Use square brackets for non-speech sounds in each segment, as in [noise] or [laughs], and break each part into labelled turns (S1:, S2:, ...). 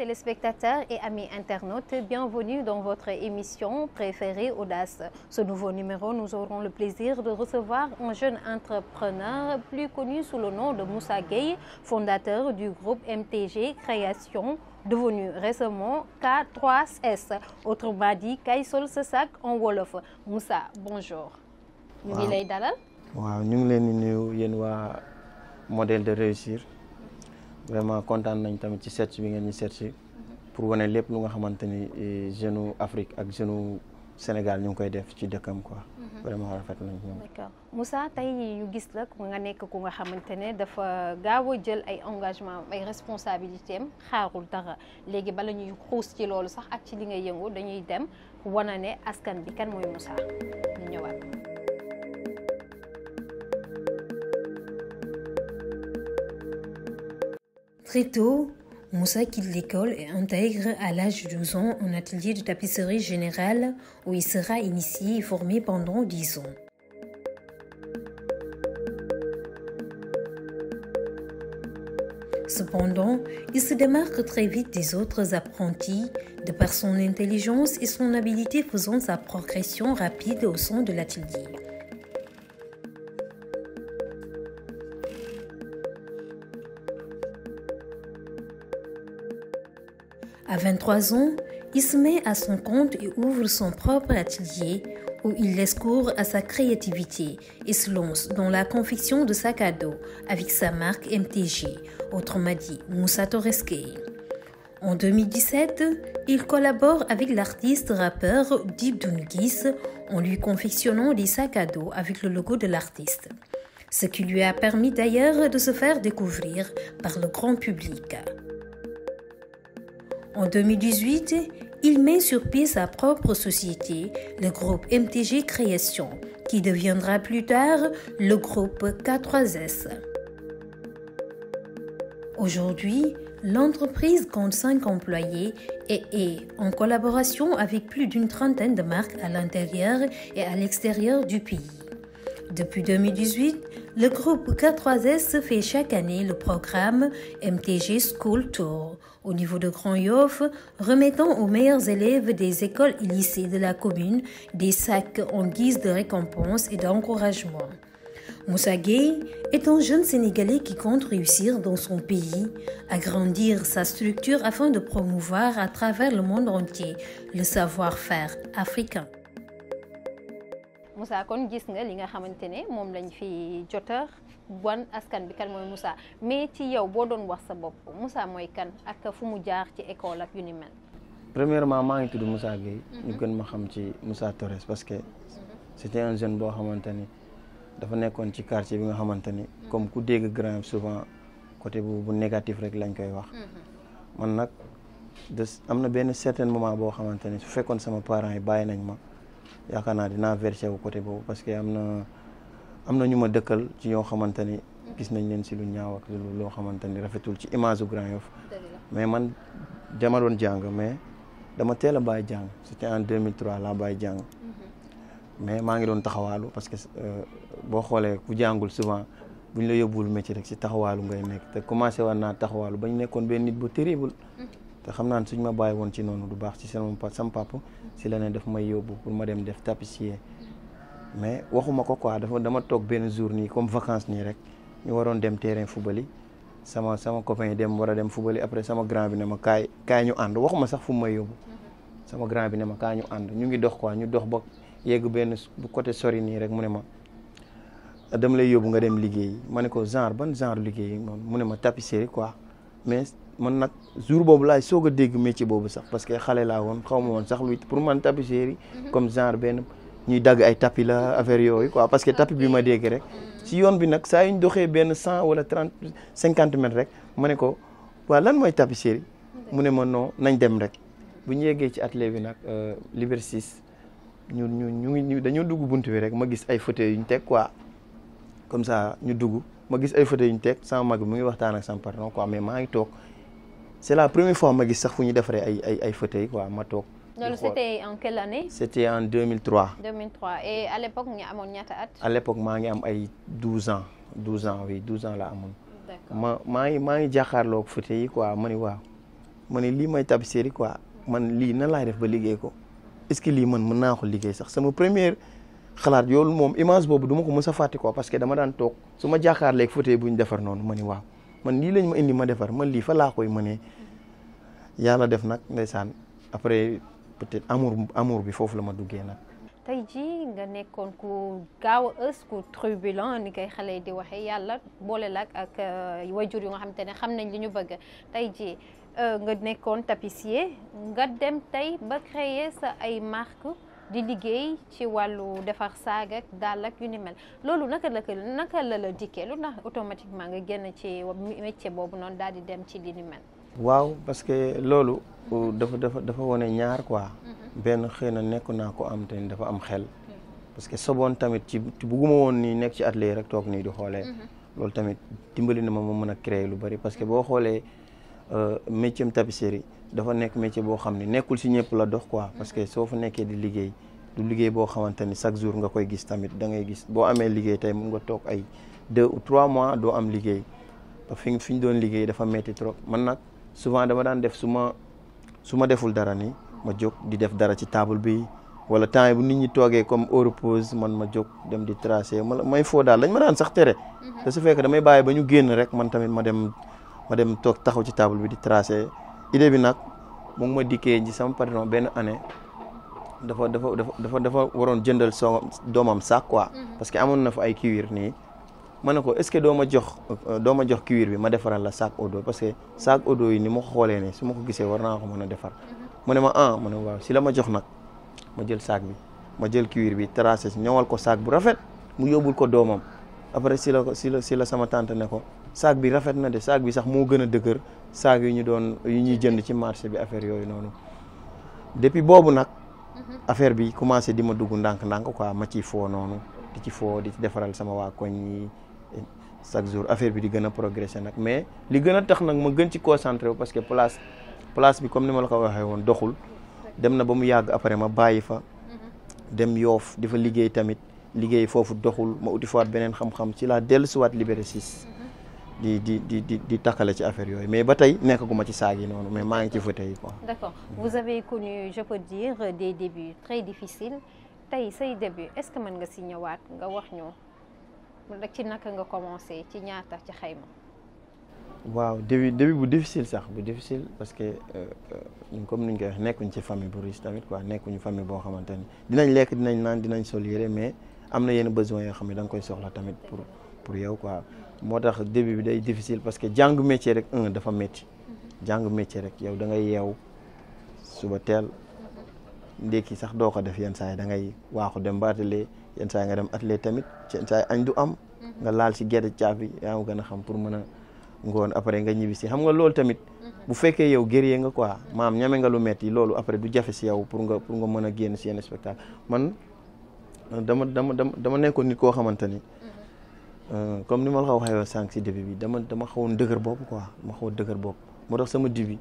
S1: téléspectateurs et amis internautes, bienvenue dans votre émission préférée Audace. Ce nouveau numéro, nous aurons le plaisir de recevoir un jeune entrepreneur plus connu sous le nom de Moussa Gueye, fondateur du groupe MTG Création, devenu récemment k s autrement dit Kaysol en Wolof. Moussa, bonjour. Wow.
S2: Wow. Nous sommes les modèle de réussir. vraiment kontaan nañ tamit ci search bi ngeen ni search pour wane lépp lu nga xamante ni eh, jeune Afrique ak jeune Sénégal ñu ngi koy def ci dëkkam quoi. Mhm. vraiment rafet nañ ñoom. d'accord
S1: Moussa tey ñu gis la nga nekk ku nga xamante ne dafa gaaw a jël ay engagement ay responsabilités am xaarul dara léegi bala ñuy xuus ci loolu sax ak ci li ngay yëngu dañuy dem wana ne askan bi kenn mooy Moussa ñu ñëwaat. Très tôt, Moussa quitte l'école et intègre à l'âge de 12 ans un atelier de tapisserie générale où il sera initié et formé pendant 10 ans. Cependant, il se démarque très vite des autres apprentis de par son intelligence et son habileté faisant sa progression rapide au sein de l'atelier. À 23 ans, il se met à son compte et ouvre son propre atelier où il laisse cours à sa créativité et se lance dans la confection de sacs à dos avec sa marque MTG, autrement dit Moussa Toreske. En 2017, il collabore avec l'artiste rappeur Deep Dungis en lui confectionnant des sacs avec le logo de l'artiste, ce qui lui a permis d'ailleurs de se faire découvrir par le grand public. En 2018, il met sur pied sa propre société, le groupe MTG Création, qui deviendra plus tard le groupe K3S. Aujourd'hui, l'entreprise compte 5 employés et est en collaboration avec plus d'une trentaine de marques à l'intérieur et à l'extérieur du pays. Depuis 2018, le groupe K3S se fait chaque année le programme MTG School Tour au niveau de Grand Yoff, remettant aux meilleurs élèves des écoles et lycées de la commune des sacs en guise de récompense et d'encouragement. Moussa Gay est un jeune Sénégalais qui compte réussir dans son pays, agrandir sa structure afin de promouvoir à travers le monde entier le savoir-faire africain. Moussa kon gis nga li nga xamante ne moom lañ fi jota wan askan bi kan mooy Moussa mais ci yow boo doon wax sa bopp Moussa mooy kan ak fu mu jaar ci école ak yu ni mel.
S2: premièrement maa ngi tudd Moussa Gueye. Mhm. ñu gën ma xam ci Moussa Torres parce que mhm. c'était un jeune boo xamante ni dafa nekkoon ci quartier bi nga xamante ni. Mhm. comme ku dégg grand souvent côté bu négatif rek lañ koy wax. man nag de am na benn certain moment boo xamante ni su fekkoon sama parents yi bàyyi nañ ma. yaakaar naa di naa versé wu côté boobu parce que am na am na ñu ma dëkkal ci ñoo xamante ni gis nañ leen si lu ñaaw ak loo xamante ni rafetul ci image u Grand Yoff mais man dama doon jàng mais dama teel a bàyyi jàng c'était en 2003 laa bay jàng mhm. mais maa ngi doon taxawaalu parce que euh, boo xoolee ku jàngul souvent bu ñu la yóbbuwul métier rek si taxawaalu ngay nekk te commencé war naa taxawaalu ba ñu nekkoon benn nit bu terrible mhm. te xam naa ne suñ ma bàyyi woon ci noonu du baax ci sama sam papa si la ne daf may yóbbu pour ma dem def tapissier mais waxuma ko quoi dafa dama toog benn jour nii comme vacances nii rek ñu waroon dem terrain fubali sama sama copain yi dem war a dem fubali après sama grand bi ne ma kaay kaay ñu ànd waxuma sax fu may yóbbu sama grand bi ne ma kaay ñu ànd ñu ngi dox quoi ñu dox ba yegg benn bu côté sori nii rek mu ne ma dama lay yóbbu nga dem liggéey ma ne ko genre ban genre liggéey moom mu ne ma tapisserie quoi man nag jour boobu laay soog a dégg ci boobu sax parce que xale laa woon xaw ma woon sax luy pour man tapisserie mhm. comme genre benn ñuy dagg ay tapis la affaire yooyu quoi parce que tapis bi ma dégg rek si yoon bi nag saa yu ñu doxee benn cent wala trente cinquante mètres rek ma ne ko waa lan mooy tapisserie mu ne ma noo nañ dem rek bu ñu yeggee ci atelier bi nag euh, Liberté 6 ñu ñu ñu dañoo dugg bunt bi rek ma gis ay fauteuils yu ñu teg quoi comme ça ñu dugg ma gis ay fauteuils yu ñu teg sama mag bi mu ngi waxtaan ak sama patron quoi mais maa ngi toog. c'est la première fois ma gi sax fu ñu defaree ay ay ay fauteuil quoi ma toog.
S1: loolu c'était en quelle année.
S2: c'était en at.
S1: à
S2: maa ngi am ay 12 ans 12 ans oui 12 ans la amoon. ma maa ngi maa ngi jàkkaarloog fauteuil yi quoi ma ne waaw ma ne lii may tapisserie quoi man lii nan laay def ba liggéey ko est-ce lii man mën naa ko liggéey sax sama première xalaat yoolu moom image boobu duma ko mës a fàtte quoi parce que dama daan toog su ma jàkkaarloog fauteuil bu ñu defar noonu ma ne waaw. man lii lañ ma indi ma defar man lii fa laa koy mënee yàlla def nag ndeysaan après peut-être amour amour bi foofu la ma duggee nag.
S1: tey jii nga nekkoon ku gaaw a ës ku turbulent ni koy xale yi di waxee yàlla boole la ak euh, wayjur yu nga xamante ne xam nañ lañu ñu bëgg tey jii euh, nga nekkoon tapissier nga dem tey ba créer sa ay marque di liggéey ci wàllu defar saag ak dàll ak yu ni mel loolu naka la ko naka la la dikkee lu tax automatiquement nga génn ci métier boobu noon daal di dem ci li ni mel.
S2: waaw parce que loolu. dafa dafa dafa wane ñaar quoi. Mhm. benn xëy na nekk naa ko am te dafa am xel. parce que soboon tamit ci bugguma woon nii nekk ci atelier rek toog nii di xoolee. Mhm. loolu tamit dimbali na ma ma a créer lu bari parce boo xoolee. Euh, métier am tapisserie dafa nekk métier boo xam ne nekkul si ñëpp la dox quoi parce que soo fa nekkee di liggéey du liggéey boo xamante ni chaque jour nga koy gis tamit da ngay gis boo amee liggéey tey mun nga toog ay deux trois mois doo am liggéey fi fi ñu doon liggéey dafa metti trop man nag souvent dama daan def su ma su ma deful dara ni ma jóg di def dara ci table bi wala temps bu nit ñi toogee comme heure pause man ma jóg dem di tracer ma may foo daal dañ ma daan sax tere mhm. su fekkee damay bàyyi ba ñu génn rek man tamit ma dem ma dem toog taxaw ci table bi di tracé idée bi nag mu ma dikkee ci sama patron benn année dafa dafa dafa dafa waroon jëndal soo doomam saak quoi. Mhm. parce que amoon na fa ay cuir nii. ma ne ko est-ce que doo ma jox euh, doo ma jox cuir bi ma defaral la sac au parce que sac au yi ni mu ko xoolee nii su ma ko gisee war naa ko mën a defar. mu mhm. ne ma ah ma ne si la ma jox nag ma jël saak bi ma jël cuir bi tracé si ñëwal ko saak bu rafet mu yóbbul ko doomam après si la ko si la sama tante ne ko saag bi rafet na de saag bi sax moo gën a dëgër saag yu ñu doon yu ñuy jënd ci marché bi affaire yooyu noonu depuis boobu nag mhm. affaire bi commencé di ma dugg ndànk-ndànk quoi ma ci foo noonu di ci foo di ci defaral sama waa koñ yi chaque jour affaire bi di gën a progressé nag mais li gën a tax nag ma gën ci concentré wu parce que place place bi comme ni ma la ko waxee woon doxul dem na ba mu yàgg après ma bàyyi fa mhm. dem yoof di liggéey tamit liggéey foofu doxul ma uti faat beneen xam-xam ci laa dellusiwaat Liberté 6 di di di di di takkale ci affaire yooyu mais ba tey nekkaguma ci saag yi noonu mais maa ngi ci fauteuil yi quoi. d'accord
S1: mm. vous avez connu je peux dire des débuts très difficiles tey say début est-ce que mën nga si ñëwaat nga wax ñu ci naka nga commencé ci ñaata ci xayma.
S2: waaw début début bu difficile sax bu difficile parce que ñun euh, euh, comme ni ñu koy wax nekkuñ ci famille bu riche tamit quoi nekkuñu famille boo xamante ni dinañ lekk dinañ naan dinañ sol yére mais am na yenn besoin yoo xam ne da koy soxla tamit pour pour yow quoi. moo tax début bi day difficile parce que jàngu métier rek un dafa métti mhm. jàngu métier rek yow da ngay yeew suba teel ndékki sax doo ko def yenn saa yi da ngay waaxu dem ba atelier yenn saa nga dem atelier tamit yenn saa yi du am mhm. nga laal si gerte caaf yi gën a xam pour mën a ngoon après nga ñibbi si xam nga loolu tamit mhm. bu fekkee yow guerrier nga quoi maam ñame nga lu metti loolu après du jafe si yow pour nga pour nga mën a génn si yenn spectacle man dama dama dama dama nekkoon nit koo xamante ni Euh, comme ni ma la ko waxee sànq si début bi dama dama xawoon dëgër bopp quoi ma xawoon dëgër bopp moo tax sama début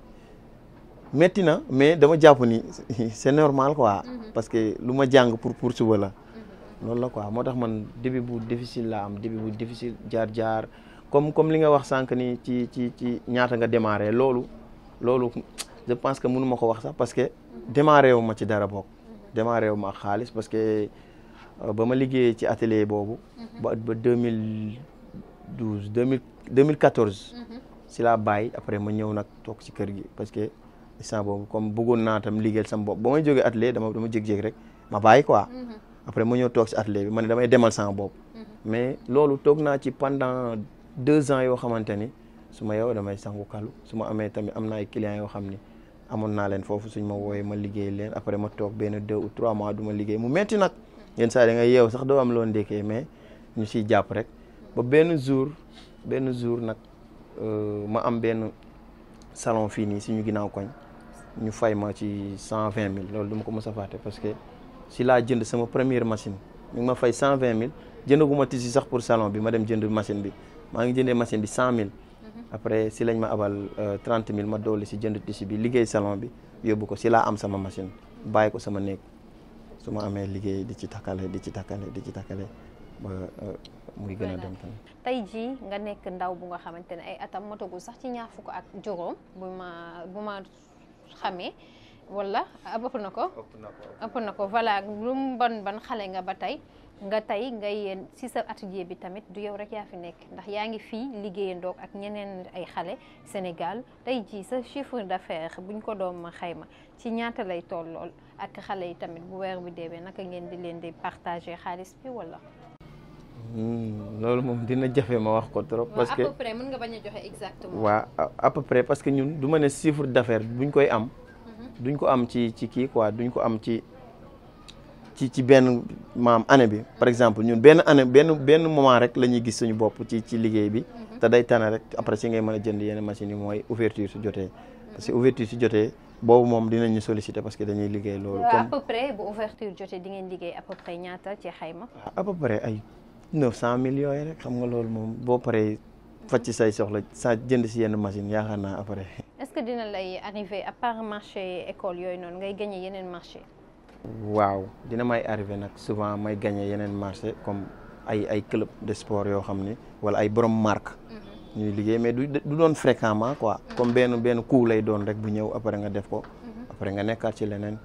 S2: metti na mais dama jàpp ni [laughs] c'est normal quoi. Mhm. parce que lu ma jàng pour pour suba la. Mhm. loolu la quoi moo tax man début bu difficile la am début bu difficile jaar jaar comme comme li nga wax sànq ni ci ci ci ñaata nga démarré loolu loolu je pense que munuma ko wax sax parce que mhm. démarré wu ma ci dara bokk. démarré ma ak xaalis parce que. Euh, ba ma liggéeyee ci atelier boobu. Mhm. ba ba deux mille douze deux mille deux mille quatorze. Mhm. si la bàyyi après ma ñëw nag toog si kër gi parce que instant boobu comme bëggoon naa tam liggéeyal sama bopp ba may jógee atelier dama dama jékki rek ma bàyyi quoi. Mhm. après ma ñëw toog si atelier bi ma damay demal sama bopp. mais loolu toog naa ci pendant deux ans yoo xamante ni su ma yow damay sangu kalu su ma amee tamit am na ay clients yoo xam ni. amoon naa leen foofu suñ ma wooyee ma liggéey leen après ma toog benn deux ou trois mois du ma liggéey mu metti nag. yenn saa da nga yeew sax doo am loo ndékkee mais ñu siy jàpp rek ba benn jour benn jour nag euh, ma am benn salon fii nii suñu ginaaw koñ ñu fay ma ci cent vingt mille loolu duma ko mës a parce que si laa jënd sama première machine ñu ngi ma fay cent vingt mille jëndaguma tisi sax pour salon bi ma dem jënd machine bi maa ngi jëndee machine bi cent mille mhm. après si lañ ma abal euh, trente mille ma dolli si jënd tisi bi liggéey salon bi yóbbu ko si laa am sama machine bàyyi ko sama néeg su amee liggéey di ci takkale di ci takkale di ci takkale ba uh, muy gën dem tamit.
S1: tey jii nga nekk ndaw bu nga xamante ne ay atam motagul sax ci ñaar fukk ak juróom bu ma bu ma xamee wala ëpp na ko. na ko ëpp na ko voilà lu mu ban ban xale nga ba tey. nga tey nga yéen si sa atelier bi tamit du yow rek yaa fi nekk ndax yaa ngi fii liggéeyandoog ak ñeneen ay xale Sénégal tey jii sa chiffre d'affaires buñ ko doom ma xayma ci ñaata lay lool ak xale yi tamit bu weer bi deewee naka ngeen di leen di partager xaalis bi walla.
S2: Hmm, loolu moom dina jafe ma wax ko trop. parce que
S1: mën nga bañ a joxe exactement. waaw
S2: à parce que ñun du ma ne chiffre d'affaires buñ koy am. Mhm. duñ ko am ci ci kii quoi duñ ko am ci. ci ci benn maam année bi par exemple ñun benn année benn benn moment rek la ñuy gis suñu bopp ci liggéey bi mhm. te day tane rek après si ngay mën a jënd yenn machines yi mooy ouverture su jotee parce que ouverture su jotee boobu moom dinañ ñu solliciter parce que dañuy liggéey loolu. comme à peu
S1: près bu ouverture jotee di ngeen liggéey à ñaata ci xayma.
S2: à ay neuf cent millions yi rek xam nga loolu moom boo paree faj ci say soxla sa jënd si yenn machine yaakaar naa après.
S1: est-ce que dina lay arrivé marché école yooyu noonu ngay gagné yeneen marché.
S2: waaw dina may arrivé nag souvent may gagné yeneen marché comme ay ay club de sport yoo xam ni wala ay borom marque mm-hmm. ñuy liggéey mais du du doon fréquemment quoi mm-hmm. comme benn benn coup lay doon rek bu ñëw après nga def ko mm-hmm. après nga nekkaat ci leneen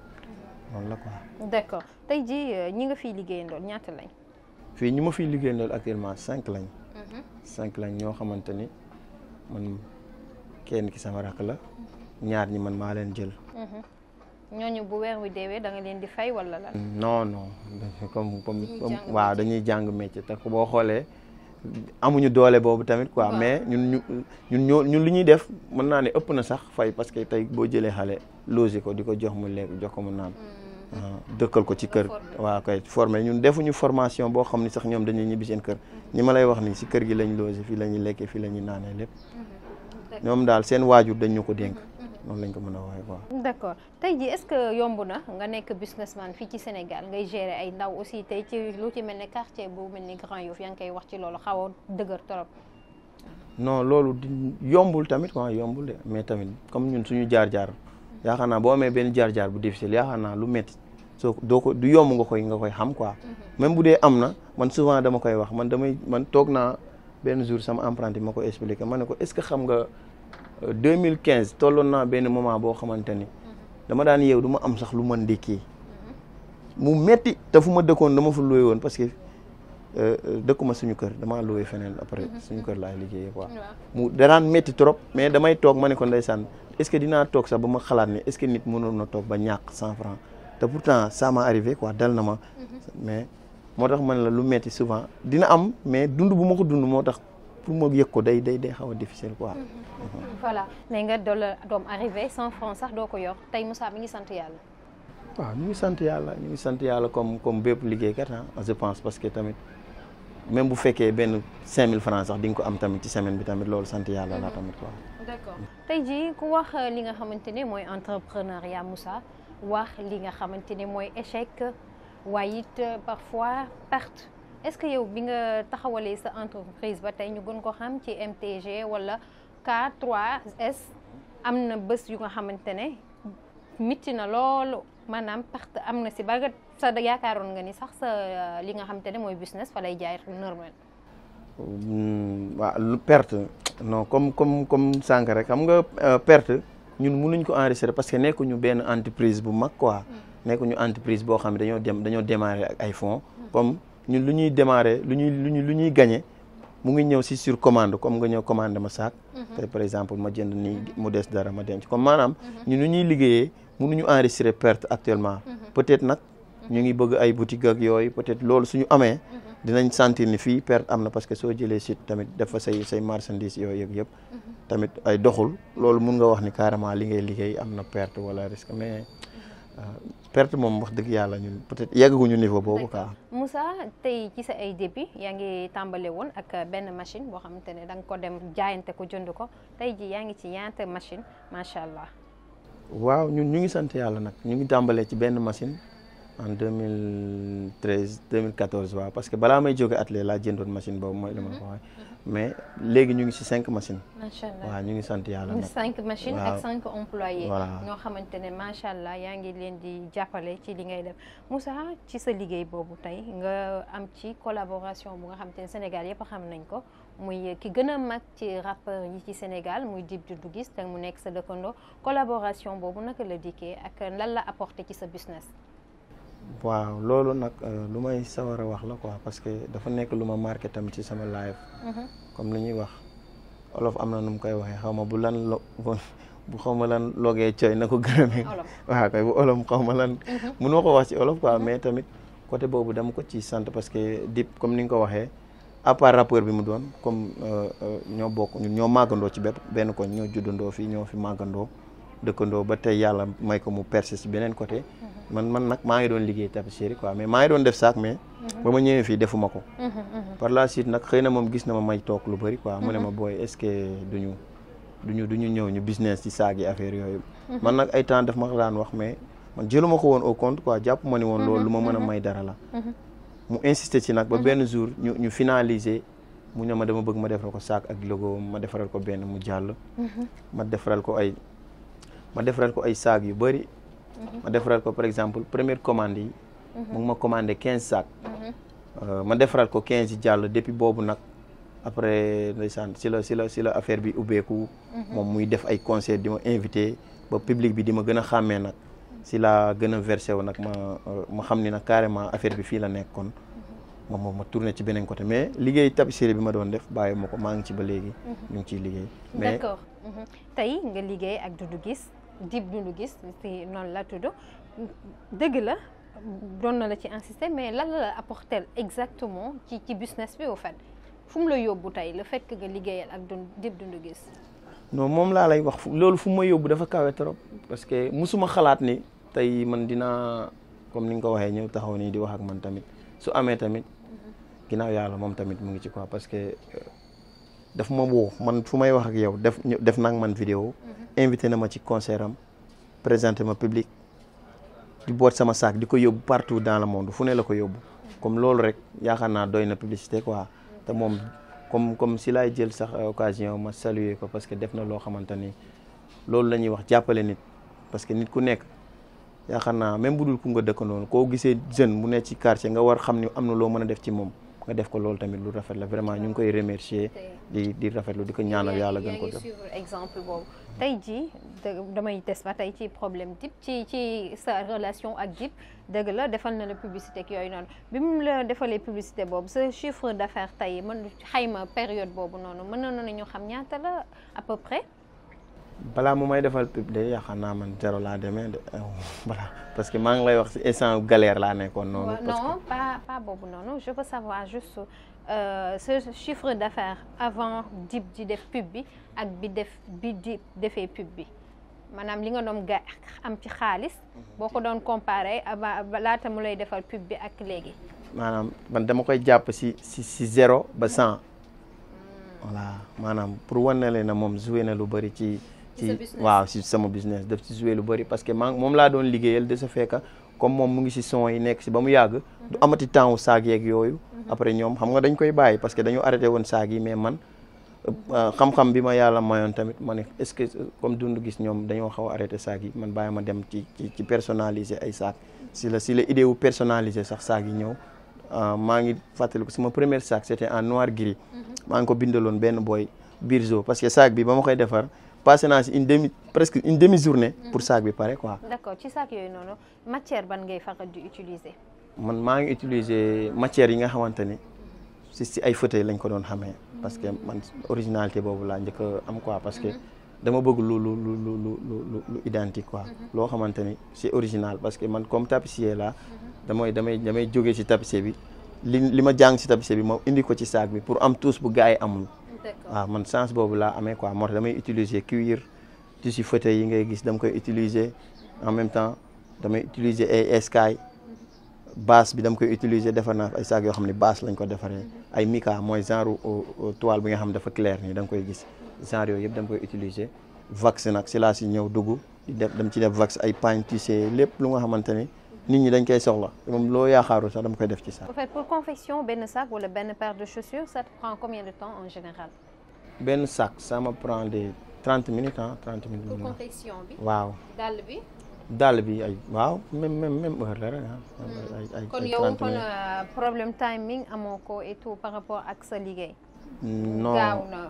S2: noonu la quoi
S1: d'accord tey jii euh, ñi nga fiy liggéeyandool ñaata lañ
S2: fii ñu ma fiy liggéeyandool actuellement cinq lañ cinq lañ ñoo xamante ni man kenn ki sama la ñaar ñi man maa leen jël
S1: ñooñu bu weer wi deewee da nga leen di fay wala lan.
S2: non non [laughs] comme comme waaw dañuy jàng métier te boo xoolee amuñu doole boobu tamit quoi mais ñun ñu ñun ñun lu ñuy def mën naa ne ëpp na sax fay parce que tey boo jëlee xale loger ko di ko jox mu lekk jox ko mu naan. Hmm. Ah, dëkkal ko ci kër. waaw kay formé ñun defuñu formation boo xam ni sax ñoom dañuy ñibbi seen kër. ñi ma lay wax nii si kër gi lañ loger fii la ñuy lekkee fii la ñuy naanee lépp.
S1: Hmm. ñoom
S2: daal seen waajur dañ ñu ko dénk. Hmm. noonu lañ ko mën a waxee quoi.
S1: d' accord tey jii est ce que yomb na nga nekk businessman fii ci Sénégal ngay gérer ay ndaw aussi tey ci lu ci mel ne quartier bu mel ni Grand Yoff yaa ngi koy wax ci loolu xaw a dëgër torop
S2: non loolu di yombul tamit quoi yombul mais tamit comme ñun suñu jaar-jaar yaakaar naa boo amee benn jaar-jaar bu difficile yaakaar naa lu métti soo doo ko du yomb nga koy nga koy xam quoi. Mhm. même bu dee am na man souvent dama koy wax man damay man toog naa benn jour sama emprunté ma ko expliqué ma ne ko est ce que xam nga. 2015 tolloon naa benn moment boo xamante ni mhm. dama daan yeew du ma am sax lu man ma ndékkee mhm. mu metti te fu ma dëkkoon dama fa luwe woon parce que euh, ma suñu kër damaa luwe feneen après mhm. suñu kër laay liggéeyee quoi mu danaan metti trop mais damay toog ma ne day ndeysaan est-ce que dinaa toog sax ba ma xalaat ne est-ce que nit mënoon na toog ba ñàkk cent francs te pourtant ça m'est arrivé quoi dal na ma mais moo tax man la lu metti souvent dina am mais dund bu ma ko dund moo tax pour moom yëg ko day day day xaw a difficile quoi.
S1: Mm-hmm. Mm-hmm. voilà nee nga dollar arrivé cent francs sax doo ko yor tey Moussa mi ngi sant yàlla.
S2: waaw ñu ngi sant yàlla ñu ngi sant yàlla comme comme bépp liggéeykat ah je pense parce que tamit même bu fekkee benn cinq mille francs sax di nga ko am tamit ci semaine bi tamit loolu sant yàlla la mm-hmm. tamit quoi.
S1: d'accord mm. tey jii ku wax euh, li nga xamante ne mooy entrepreneuriat Moussa wax li nga xamante ne mooy échec waaye it euh, parfois perte. est-ce que yow bi nga taxawalee sa entreprise ba tey ñu gën ko xam ci MTG wala k s am na bés yu nga xamante ne mitti na loolu maanaam perte am na si ba nga sa yaakaaroon nga ni sax sa li nga xamante ne mooy business fa lay jaay normal.
S2: Mm, waaw lu perte non comme comme comme sànq rek xam nga euh, perte ñun mënuñ ko enregistrer parce que nekkuñu benn entreprise bu mag quoi. Mm. nekkuñu entreprise boo xam ne dañoo dem dañoo démarrer ak ay fonds mm. comme. ñun lu ñuy démarrer lu ñuy lu lu ñuy gagné mu ngi ñëw si sur commande comme nga ñëw commandé ma saak. Mhm. te par exemple ma jënd nii mu des dara ma denc comme maanaam. Mhm. ñun lu ñuy liggéeyee mënuñu enregistrer perte actuellement. Mhm. peut-être nag ñu ngi bëgg ay boutique ak yooyu peut-être loolu suñu amee. dinañ sentir ni fii perte am na parce que soo jëlee site tamit dafa say say marchandise yooyu yëpp yëpp. tamit ay doxul loolu mun nga wax ni carrément li ngay liggéey am na perte wala risque mais. Euh, perte moom wax dëgg yàlla ñun peut-être yeggaguñu niveau boobu quoi.
S1: Moussa tey ci sa ay début yaa ngi tàmbale woon ak benn machine boo xamante ne da nga ko dem jaayante ko jënd ko tey ji yaa ngi ci ñaata machine macha allah.
S2: waaw ñun ñu ngi sant yàlla nag ñu ngi tàmbalee ci benn machine en mil 2014 waaw parce que balaa may jóge atelier laa jëndoon machine boobu mooy li ma ko mhm. waxee mhm. mais léegi ñu ngi ci cinq machine
S1: macha allah
S2: ñu ngi sant yàlla nag cinq machines ak cinq
S1: employés. ñoo xamante ne macha allah yaa ngi leen di jàppale ci li ngay dem Moussa ci sa liggéey boobu tey nga am ci collaboration bu nga xamante ne Sénégal yëpp xam nañ ko muy ki gën a mag ci rappeur yi ci Sénégal muy Dip Doundou Guiss te mu nekk sa dëkkandoo collaboration boobu naka la dikkee ak lan la apporté ci sa business.
S2: waaw loolu nag euh, lu may sawar wax la quoi parce que dafa nekk lu ma marqué tam ci sama live mhm. comme lu ñuy wax olof am na nu mu koy waxee xaw ma bu lan lo bu xaw ma lan logee coy na ko gërëmee waaw kay bu olof xaw ma lan mhm. noo ko wax ci olof quoi mhm. mais tamit côté boobu dama ko ci sant parce que Dip comme ni nga ko waxee à part rappeur bi mu doon comme euh, euh, ñoo bokk ñoo màggandoo ci bépp benn ko ñoo juddandoo fii ñoo fi màggandoo dëkkandoo ba tey yàlla may ko mu persis beneen côté man man nag maa ngi doon liggéey tapisserie quoi mais maa ngi doon def saak mais mhm. ba ma ñëwee fii defuma ko mhm, mhm. par la suite nag xëy na moom gis na ma may toog lu bëri quoi mu ne ma booy est-ce que duñu duñu duñu ñëw ñu business ci saak yi affaire yooyu man nag ay temps daf ma daan wax mais man jëluma ko woon au compte quoi jàpp ma ni woon loolu lu ma mën a may dara la mu insisté ci nag ba benn jour ñu ñu finaliser mu ne ma dama bëgg ma defaral ko saak ak logo ma defaral ko benn mu jàll ma defaral ko ay ma defaral ko ay saag yu bëri
S1: Mhm. ma defaral
S2: ko par exemple première commande yi mhm. mu ngi ma commandé quinze sacs mhm. euh, ma defaral ko quinze yi jàll depuis boobu nag après ndeysaan si la si la si la affaire bi ubbeeku moom muy def ay concert di ma invité ba public bi di ma gën a xàmmee nag si la gën a versé wu nag ma euh, ma xam ni nag carrément affaire bi fii la nekkoon moom moom ma tourné ci beneen côté mais liggéey tapisserie bi ma doon def bàyyi ma ko maa ngi ci ba léegi. ñu ngi ciy liggéey. mais
S1: tey nga liggéey ak Dip Doundou Guiss si noonu la tudd dëgg la doon na la ci insister mais lan la la apporter exactement ci ci business bi au fait fu la yóbbu tey la fait que nga liggéeyal ak Dip Doundou gis
S2: non moom laa lay wax loolu fu ma yóbbu dafa kawe trop parce que musuma xalaat ni tey man dinaa comme ni nga ko waxee ñëw taxaw nii di wax ak man tamit su amee tamit mm-hmm. ginnaaw yàlla moom tamit mu ngi ci ko parce que euh, daf ma woo man fu may wax ak yow def def naa man vidéo mhm. invité na ma ci concert am présenté ma public di boot sama saak di ko yóbbu partout dans le monde fu ne la ko yóbbu comme loolu rek yaakaar naa doy na publicité quoi te moom comme comme si laay jël sax occasion ma saluer ko parce que def na loo xamante ni loolu la ñuy wax jàppale nit parce que nit ku nekk yaakaar naa même bu dul ku nga dëkkandoon koo gisee jeune mu ne ci quartier nga war xam ni am na loo mën a def ci moom nga def ko loolu tamit lu rafet la vraiment ñu ngi koy remercier di di rafetlu di ko ñaanal la gën ko def
S1: exemple boobu tey jii damay des ba tey ci problème dip ci ci sa relation ak dip dëgg la defal na la publicité ak yooyu noonu bi mu la defalee publicité boobu sa chiffre d'affaires tey mën xayma période boobu noonu mën na ñu xam ñaata la à peu près
S2: balaa mu may defal pub de yaakaar naa man zéro laa demee de [laughs] voilà parce que maa ngi lay wax si instant galère laa nekkoon noonu. parce
S1: que non pas pas boobu noonu je veux savoir juste euh, chiffre d'affaires avant dib di def pub bi ak bi def bi di defee pub bi maanaam li nga doon ga am ci xaalis. Mhm. boo ko doon comparé aba balaata mu lay defal pub bi ak léegi.
S2: maanaam man dama koy jàpp si si si zéro ba cent. Hmm. voilà maanaam pour wan na leen ne moom joué na lu bari ci. ci waaw si sama business daf ci joué lu bari parce que maa moom laa doon liggéeyal de ce fait comme moom mu ngi si son yi nekk si ba mu yàgg du mhm. amati temps wu saag yeeg yooyu mhm. après ñoom xam nga dañ koy bàyyi parce que dañu arrêté woon saag yi mais man euh, xam-xam bi ma yàlla mayoon tamit ma ne est-ce que comme dund gis ñoom dañoo xaw a arrêté saag yi man bàyyi ma dem ci ci ci personnaliser ay saag si la si la idée wu personnaliser sax saag yi ñëw euh, maa ngi fàttaliku sama première saag c'était en noir gris mhm. maa ngi ko bindaloon benn booy Birzo parce que saag bi ba ma koy defar passé naa si une demi presque une demi journée. Mm. saak bi pare quoi.
S1: d'accord ci matière ban ngay faral di utiliser.
S2: man maa ngi utiliser matière yi nga xamante ni si si ay fauteuil lañ ko doon xamee. Mm. parce que man originalité boobu laa njëkk am quoi parce que mm-hmm. dama bëgg lu lu lu lu lu lu identique quoi. Mm-hmm. loo xamante ni c'est original parce que man comme tapissier laa mm-hmm. damay damay damay jógee si tapissier bi li li ma jàng si tapissier bi moom indi ko ci saak bi pour am tous bu gars yi amul. waaw ah, man chance boobu laa amee quoi moo tax damay utiliser cuir tissu fauteuil yi ngay gis dama koy utiliser en même temps damay utiliser ay eskay base bi dam koy utiliser defar naa ay saak yoo xam ne base lañ ko defaree ay mica mooy genre toile bi nga xam dafa clair nii da koy gis genre yooyu yëpp dama koy utiliser vax nag si laa si ñëw dugg def dam ci def vax ay pagnes tissé lépp lu nga xamante ni nit ñi dañ koy soxla moom loo yaakaaru sax dama koy def ci saak. en
S1: fait pour confection benn sac wala benn paire de chaussures ça te prend combien de temps en général.
S2: benn sac ça me prend des trente minutes ah trente minutes. pour confection bi. waaw dàll bi. dàll bi ay waaw même même même heure la rek ah. ay kon yow kon
S1: euh, problème timing amoo ko et tout par rapport ak sa liggéey.
S2: non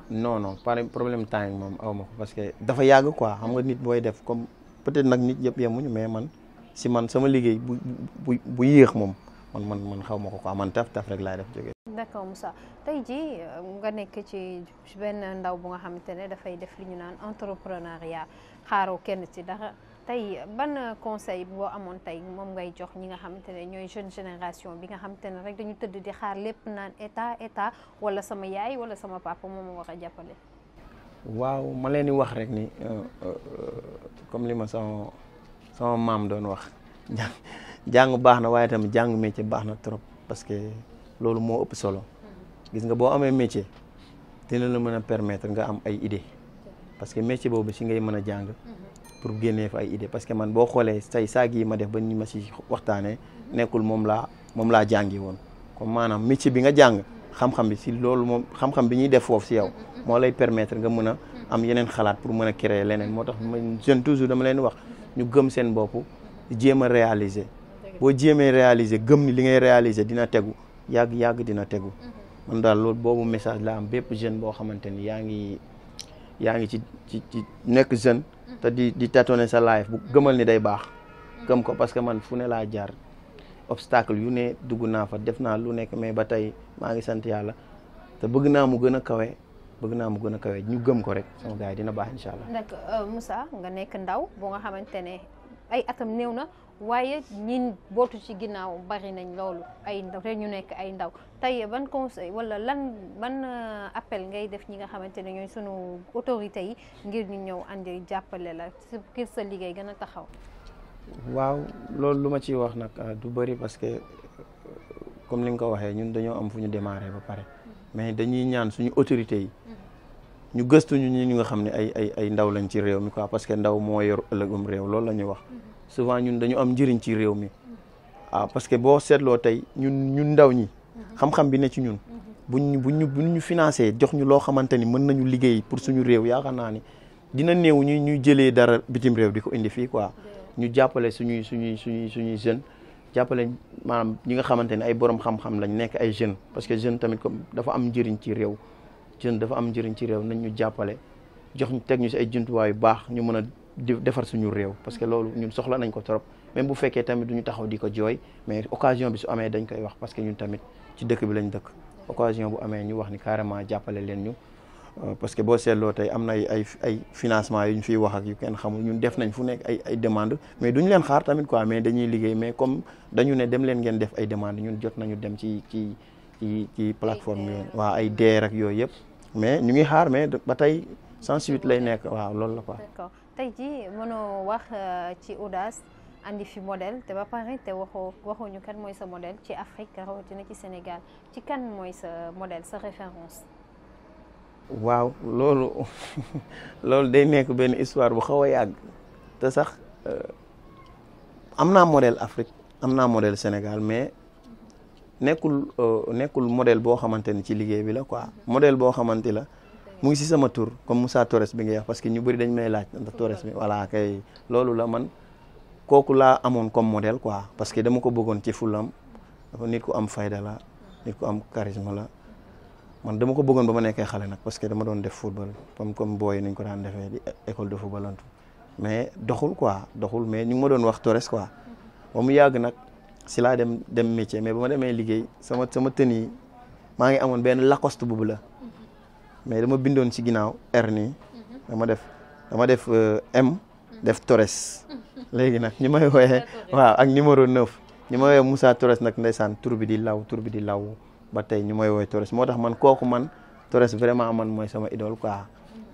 S2: non non par problème timing moom aw ma ko parce que dafa yàgg quoi xam nga nit booy def comme peut-être nag nit yëpp yemuñu mais man. si man sama liggéey bu bu bu yéex moom man man man xaw ma ko quoi man taf taf rek laay def jógee.
S1: d'accord Moussa tey jii euh, nga nekk ci benn ndaw bu nga xamante ne dafay def li ñu naan entrepreneuriat xaaroo kenn ci dara tey ban conseil boo amoon tey moom ngay jox ñi nga xamante ne ñooy jeune génération bi nga xamante ne rek dañu tëdd di xaar lépp naan état état wala sama yaay wala sama papa moom moo war a jàppale.
S2: waaw ma leen wax rek ni euh, euh, comme li ma sama sama maam doon wax jàng baax na waaye tamit jàng métier baax na trop parce que loolu moo ëpp solo gis nga boo amee métier dina la mën a permettre nga am ay idée parce que métier boobu si ngay mën a jàng pour génnee fa ay idée parce que man boo xoolee say saag yi ma def ba ni ma si waxtaanee nekkul moom laa moom laa jàngi woon comme maanaam métier bi nga jàng xam bi si loolu moom xam bi ñuy def si yow moo lay permettre nga mën a am yeneen xalaat pour mën a créer leneen moo tax jeune toujours dama leen wax ñu gëm seen boppu jéem a réaliser boo jéemee réaliser gëm ni li ngay réaliser dina tegu yàgg yàgg dina tegu mm-hmm. man daal loolu boobu message la am bépp jeune boo xamante ni yaa ngi yaa ngi ci ci ci nekk jeune mm-hmm. te di di tâtonner sa life bu gëmal ni day baax mm-hmm. gëm ko parce que man fu ne laa jaar obstacle yu ne dugg naa fa def naa lu nekk mais ba tey maa ngi sant yàlla te bëgg naa mu gën a kawe bëgg naa mu gën a ñu gëm ko rek sama gars dina baax incha allah.
S1: d'accord euh, nga nekk ndaw boo nga xamante ne ay atam néew na waaye ñin bootu ci ginnaaw bari nañ loolu ay ndaw te ñu nekk ay ndaw tey ban conseil walla lan ban euh, appel ngay def ñi nga xamante ne ñooy sunu autorité yi ngir ñu ñëw andi jàppale la ngir sa liggéey gën a taxaw.
S2: waaw loolu lu ma wax nag euh, du bëri parce comme ni nga ko waxee ñun dañoo am fu ñu démarré ba pare mais dañuy ñaan suñu autorité yi ñu gëstuñu ñi ñu nga xam ne ay ay ay ndaw lañ ci réew mi quoi parce que ndaw moo yor ëllëgum réew loolu la ñuy wax souvent ñun dañu am njëriñ ci réew mi ah parce que boo seetloo tey ñun ñun ndaw ñi xam-xam bi ne ci ñun buñ buñ buñ ñu financé jox ñu loo xamante ni mën nañu liggéey pour suñu réew yaakaar naa ni dina néew ñu ñu jëlee dara bitim réew di ko indi fii quoi ñu jàppale suñuy suñuy suñuy suñuy jeunes jàppale maam ñi nga xamante ne ay borom xam-xam lañ nekk ay jeunes parce que jeune tamit comme dafa am njëriñ ci réew jeune dafa am njëriñ ci réew nañ ñu jàppale jox ñu teg ñu si ay jumtuwaay yu baax ñu mën a defar suñu réew parce que loolu ñun soxla nañ ko trop même bu fekkee tamit du ñu taxaw di ko jooy mais occasion bi su amee dañ koy wax parce que ñun tamit ci dëkk bi lañ dëkk occasion bu amee ñu wax ni carrément jàppale leen ñu Euh, parce que boo seetloo tey am na ay ay financement yu ñu fiy wax ak yu kenn xamul ñun def nañ fu nekk ay ay demande mais duñ leen xaar tamit quoi mais dañuy liggéey mais comme dañu ne dem leen ngeen def ay demande ñun jot nañu dem ci ci ci ci plateforme yooyu waaw ay DER ak yooyu yëpp mais ñu ngi xaar mais ba tey sans suite lay nekk waaw loolu la ko d'accord
S1: tey jii mënoo wax euh, ci audace andi fi model te ba pare te waxoo ñu kan mooy sa modèle ci Afrique rawatina ci Sénégal ci kan mooy sa modèle sa référence.
S2: waaw loolu [laughs] loolu day nekk benn histoire bu xaw a yàgg te sax euh, am naa modèle Afrique am naa modèle Sénégal mais nekkul euh, nekkul model boo xamante ni ci liggéey bi la quoi modèle boo xamante la mu ngi si sama tur comme Moussa Torres bi ngay wax parce que ñu bëri dañ may laaj ndax Torres bi voilà kay loolu la man kooku laa amoon comme modèle quoi parce que dama ko bëggoon ci fulam dafa nit ku am fayda la nit ku am charisme la man dama ko bëggoon ba ma nekkee xale nag parce que dama doon def football comme comme booy nañ ko daan defee di école de football antu mais doxul quoi doxul mais ñu ngi ma doon wax Torres quoi ba mu yàgg nag si laa dem dem métier mais ba ma demee liggéey sama sama tën maa ngi amoon benn Lacoste bu la mais dama bindoon si ginnaaw R nii dama def dama def euh, M def tores léegi nag ñu may wooyee waaw ak numéro 9 ñi may wooyee Moussa Torres nag ndeysaan tur bi di law tur bi di law ba tey ñu mooy woy Torres moo tax man kooku man Torres vraiment man mooy sama idole quoi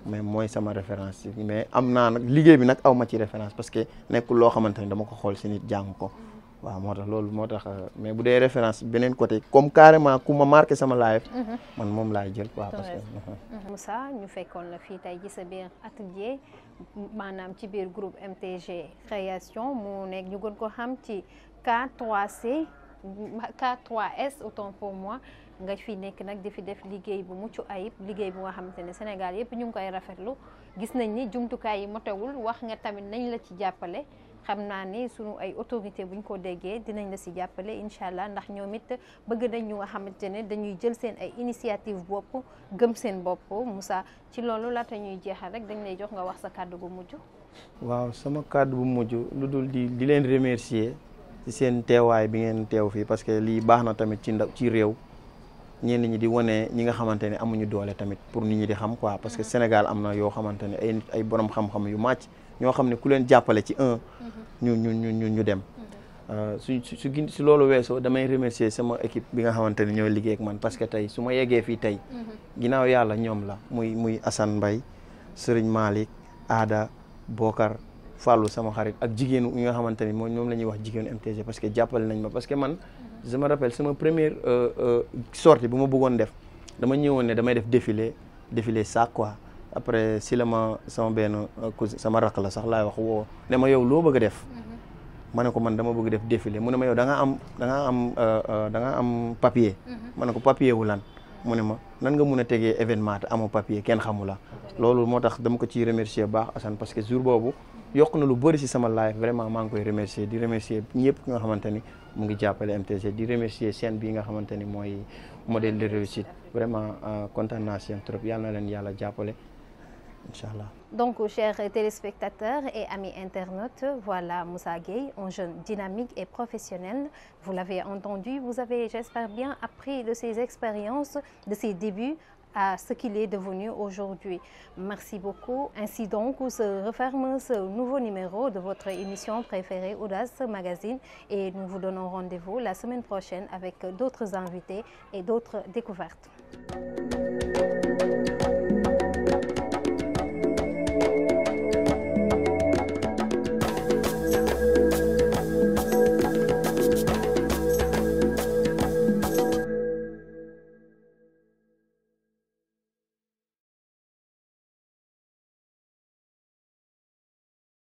S2: mais mooy sama référence mais am naa liggéey bi nag aw ma ci référence parce que nekkul loo xamante ni dama ko xool si ko moo tax loolu moo tax euh, mais bu dee référence beneen côté comme carrément ku ma marqué sama live mhm. man moom laay jël quoi parce que mhm.
S1: Mhm. Moussa ñu fekkoon la fii tey ci sa biir atelier maanaam ci biir groupe MTG création mu nekk ñu gën ko xam ci k c K3S autant pour moi nga fi nekk nag di fi def liggéey bu mucc ayib liggéey bu nga xamante ne Sénégal yëpp ñu ngi koy rafetlu gis nañ ni jumtukaay yi motewul wax nga tamit nañ la ci jàppale xam naa ni sunu ay autorité buñ ko déggee dinañ la si jàppale incha allah ndax ñoom it bëgg nañ ñu nga xamante ne dañuy jël seen ay initiative bopp gëm seen bopp Moussa ci loolu laata ñuy jeexal rek dañ lay jox nga wax sa kàddu bu mujj
S2: waaw sama kàddu bu mujj lu dul di di leen remercier ci seen teewaay bi ngeen teew fii parce que lii baax na tamit ci ndaw ci réew ñenn ñi di wane ñi nga xamante ne amuñu doole tamit pour nit ñi di xam quoi parce que mm-hmm. Sénégal am na yoo xamante ne ay nit ay borom xam-xam yu màcc ñoo xam ne ku leen jàppale ci un mm-hmm. ñu ñu ñu ñu dem. Mm-hmm. Euh, su su su loolu weesoo damay remercier sama équipe bi nga xamante ne ñooy liggéey ak man parce que tey su ma yeggee fii tey. ginnaaw yàlla ñoom la muy muy assan mbay Serigne Malick Aada Bokar. Fallou sama xarit ak jigéenu ñi nga xamante ni moom ñoom la ñuy wax jigéenu MTG parce que jàppale nañ ma parce que man je me rappelle sama première euh, euh, sorti bu ma bëggoon def dama ñëwoon ne damay def défilé défilé ça quoi après si la ma sama benn euh, sama rakk la sax laay wax woo ne ma yow loo bëgg a def mm-hmm. ma ne ko man dama bëgg def défiler mu ne ma yow da nga am da nga da nga am papier mm-hmm. ma ne ko papier wulan mu ne ma nan nga mun a tegee événement te amoo kenn xamu la loolu moo tax dama ko ciy remercier baax Assane parce que jour boobu yokk na lu bëri si sama live vraiment maa ngi koy remercier di remercier ñëpp nga xamante ni mu ngi jàppale MTG di remercier seen bi nga xamante ni mooy modèle de réussit vraiment euh, kontaan naa seen trop yàlla na leen yàlla jàppale incha
S1: donc chers téléspectateurs et amis internautes voilà Moussa Gueye un jeune dynamique et professionnel vous l'avez entendu vous avez j'espère bien appris de ses expériences de ses débuts. à ce qu'il est devenu aujourd'hui. Merci beaucoup. Ainsi donc, se referme ce nouveau numéro de votre émission préférée Audace Magazine et nous vous donnons rendez-vous la semaine prochaine avec d'autres invités et d'autres découvertes.